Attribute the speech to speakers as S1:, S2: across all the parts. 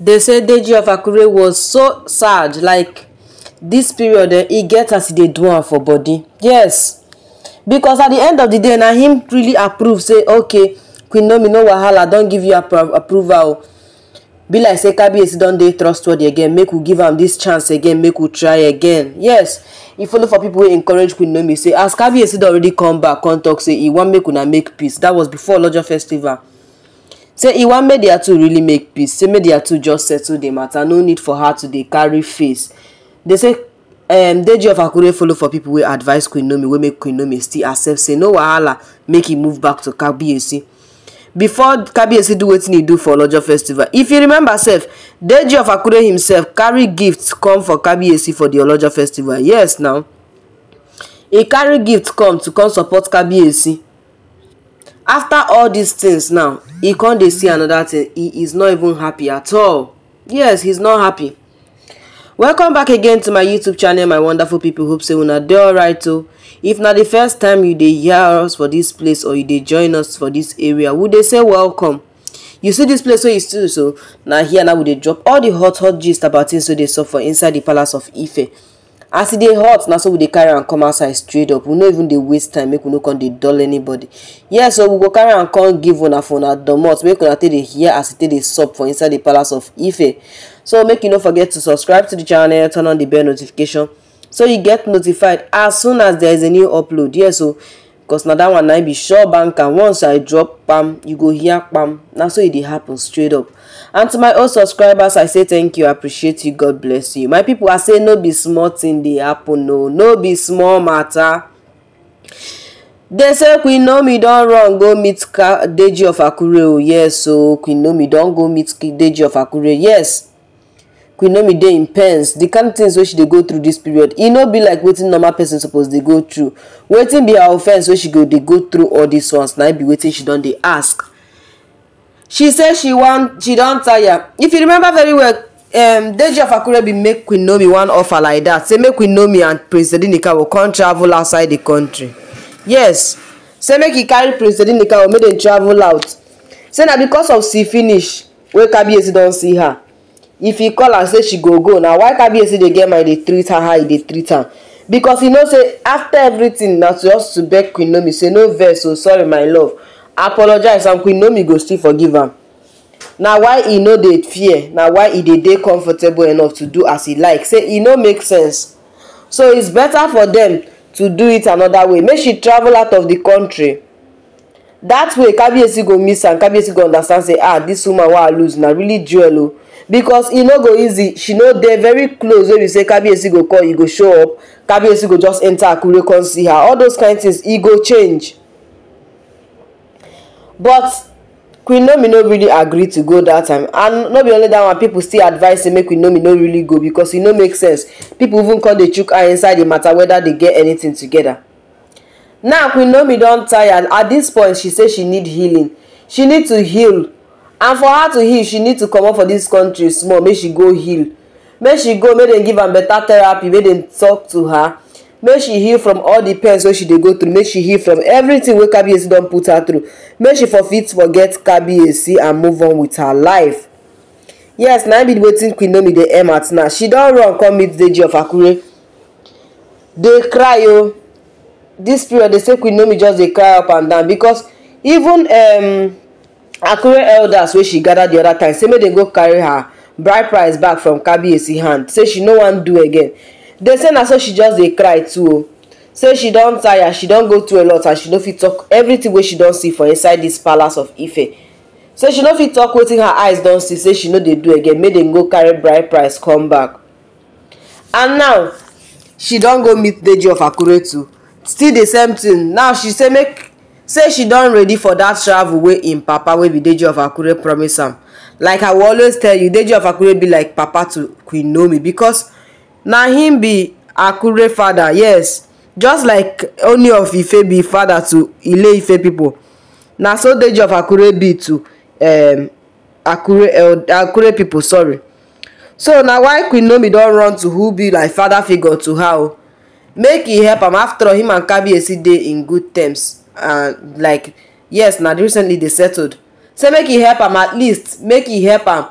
S1: they say deji of akure was so sad like this period eh e get as e do am for body yes because at the end of the day now him really approve say okay queen nomi no wahala Don't give you approval oh. be like say kabiyesi don dey trustworthy again make we give him this chance again make we try again yes e follow for people wey encourage queen nomi say as kabiyesi don already come back Contact say he want make una make peace That was before olojo festival say he want make to really make peace say make to just settle the matter no need for her to dey carry face They say um, deji of akure follow for people wey advise queen nomi wey make queen nomi still accept say no wahala make e move back to kabiyesi before kabiyesi do wetin he do for olojo festival if you remember sef deji of akure himself carry gift come for kabiyesi for the olojo festival yes now he carry gift come to come support kabiyesi after all these things, now He can't dey see another thing he is not even happy at all yes he's not happy welcome back again to my youtube channel my wonderful people hope say una all right too. Oh. if not the first time you dey hear us for this place or you dey join us for this area would they say welcome you see this place wey you still so now here now would they drop all the hot hot gist about things so they suffer inside the palace of ife as e dey hot na so we dey carry am come outside straight up we no even dey waste time make we no come dey dull anybody yes so we go carry am come give una for una domot make una take dey hear as e take dey sup for inside the palace of ife so make you no forget to subscribe to the channel turn on the bell notification so you get notified as soon as there is a new upload yes o. So, cos na that one na be sure bank and once i drop pam you go hear pam na so e dey happen straight up and to my old subscribers i say thank you i appreciate you god bless you my people i say no be small thing dey happen no no be small matter dey say queen nomi don run go meet deji of akure o oh, yes o oh, queen nomi don go meet deji of akure yes queen naomi dey in pens. The kind tins wey she dey go through this period e no be like wetin normal person suppose dey go through wetin be her offence wey she go dey go through all these ones na be wetin she don dey ask she say she she don tire if you remember very well um, deji Afakure akure bin make queen nomi one offer like that. say make queen nomi and prince edinikawo come travel outside the country yes say make e carry prince edinikawo make dem travel out say na because of see finish wey kabiyesi don see her if he call am say she go go na why kabiyesi dey get mind dey treat her how e dey treat am because he know say after everything na to just to beg queen naomi say no vex o oh, sorry my love apologize and queen naomi go still forgive am na why he no dey fear na why he dey dey comfortable enough to do as he like say e no make sense so its better for dem to do it another way make she travel out of the country that way kabiyesi go miss am kabiyesi go understand say ah this woman wey i lose na really jewel o because e no go easy she no dey very close wey be say kabiyesi go call e go show up kabiyesi go just enter akure come see her all those kind things e go change but queen nomi no really agree to go that time and no be only that one people still advise say make queen nomi no really go because e no make sense people even come dey chook eye inside the matter whether they get anything together now queen naomi don tire at this point she say she need healing she need to heal and for her to heal she need to comot for this country small make she go heal make she go make dem give am better therapy make dem talk to her make she heal from all the pains wey she dey go through make she heal from everything wey kabiyesi don put her through make she for fit forget kabiyesi and move on with her life yes na be wetin queen naomi dey aim at now she don run come meet deji of akure dey cry o. Oh. This period they say queen nomi just dey cry up and down because even um, akure elders wey she gather the other time say make dem go carry her bride price back from kabiyesi hand say she no wan do again dey say na so she just dey cry too say she don tire she don go through a lot and she no fit talk everything wey she don see for inside this palace of ife say she no fit talk wetin her eyes don see say she no dey do again make dem go carry bride price come back and now she don go meet deji of akure too still the same thing now she say make say she don ready for that travel wey im papa wey be deji of akure promise am like i will always tell you deji of akure be like papa to queen nomi because na him be akure father yes just like only of ife be father to ile ife people. na so deji of akure be to um, akure uh, akure people. sorry so na why queen nomi don run to who be like father figure to her make e help am after all him and kabiyesi dey in good terms and like yes na recently they settled say make e help am at least make e help am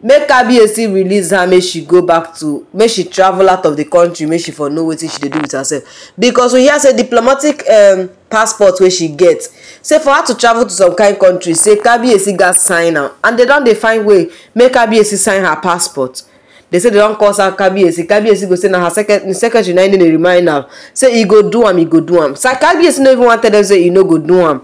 S1: make kabiyesi release her make she go back to make she travel out of the country make she for know wetin she dey do with herself because we hear say diplomatic um, passport wey she get say for her to travel to some kind country say kabiyesi gats sign am and they don dey find way make kabiyesi sign her passport they say they don call her kabiyesi kabiyesi go say na her secretary na him dey remind am say e go do am e go do am kabiyesi no even wan tell dem say e no go do am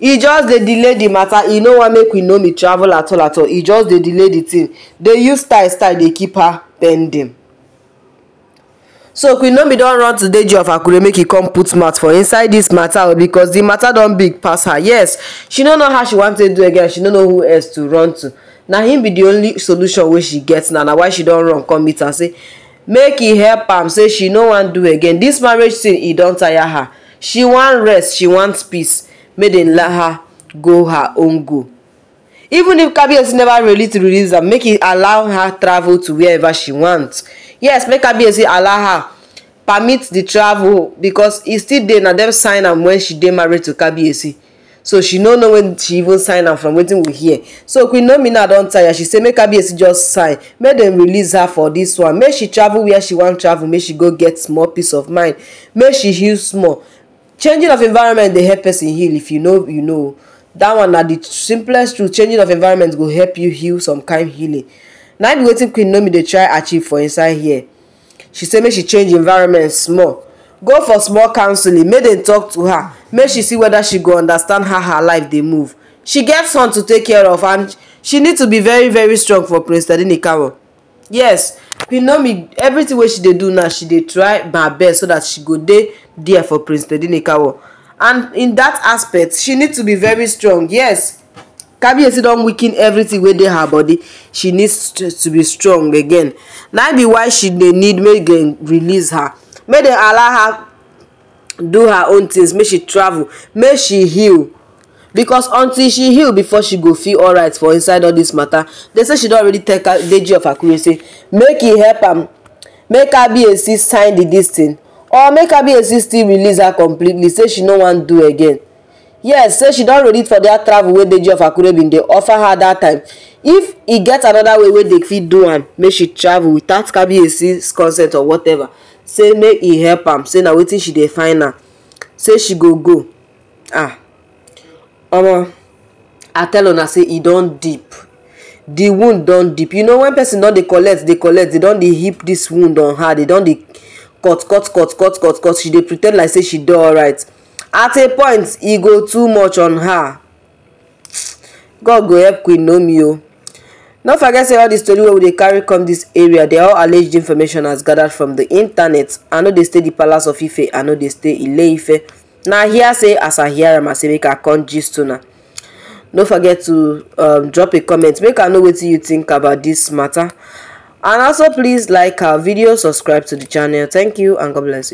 S1: e just dey delay the matter e no wan make we know me travel at all at all e just dey delay the thing dey use style style dey keep her pending so queen nomi don run to deji of akure make e come put mouth for inside dis matter because di matter don big pass her yes she no know how she wan take do again she no know who else to run to na him be the only solution wey she get Now, na why she don run come meet am say make he help am say she no wan do again this marriage thing e don tire her she wan rest she want peace make dem let her go her own go even if kabiyesi never really to release am make he allow her travel to wherever she want yes make kabiyesi allow her permit the travel because e still dey na dem sign am when she dey married to kabiyesi so she no know when she even sign am from wetin we hear so queen nomina don tire she say make kabiyesi just sign make dem release her for dis one make she travel where she wan travel make she go get small peace of mind make she heal small changing of environment dey help person heal if you know you know That one na the simplest truth changing of environment go help you heal some kind healing na be wetin queen nomi dey try achieve for inside here she say make she change environment small go for small counseling make dem talk to her make she see whether she go understand how her life dey move she gets son to take care of and she need to be very very strong for prince teddy kawo yes know me everything wey she dey do now she dey try her best so that she go dey there for prince teddy kawo and in that aspect she need to be very strong yes kabiyesi don weaken everything wey dey her body she needs to be strong again na be why she dey need make dem release her May they allow her do her own things make she travel make she heal because until she heal before she go feel alright for inside all this matter they say she don already tell deji of akure say make he help am make kabiyesi sign the this thing or make kabiyesi still release her completely say she no wan do again yes say she don it for dat travel wey deji of akure bin dey offer her that time if e get another way wey dey fit do am make she travel witout kabiyesi consent or whatever say make e help am say na wetin she dey find am say she go go ah omo i tell una say e don deep the wound don deep you know when person don dey collect dey collect they don dey heap this wound on her they don dey cut cut cut cut cut cut she dey pre ten d like say she dey alright at a point e go too much on her god go help queen naomi o oh. no forget say all di story wey we dey carry come this area dey all alleged information as gathered from the internet i no dey stay di palace of ife i no dey stay ile ife na hear say as i hear am i say make i come gist una no forget to um, drop a comment make i know wetin you think about this matter and also please like our video subscribe to the channel thank you and god bless you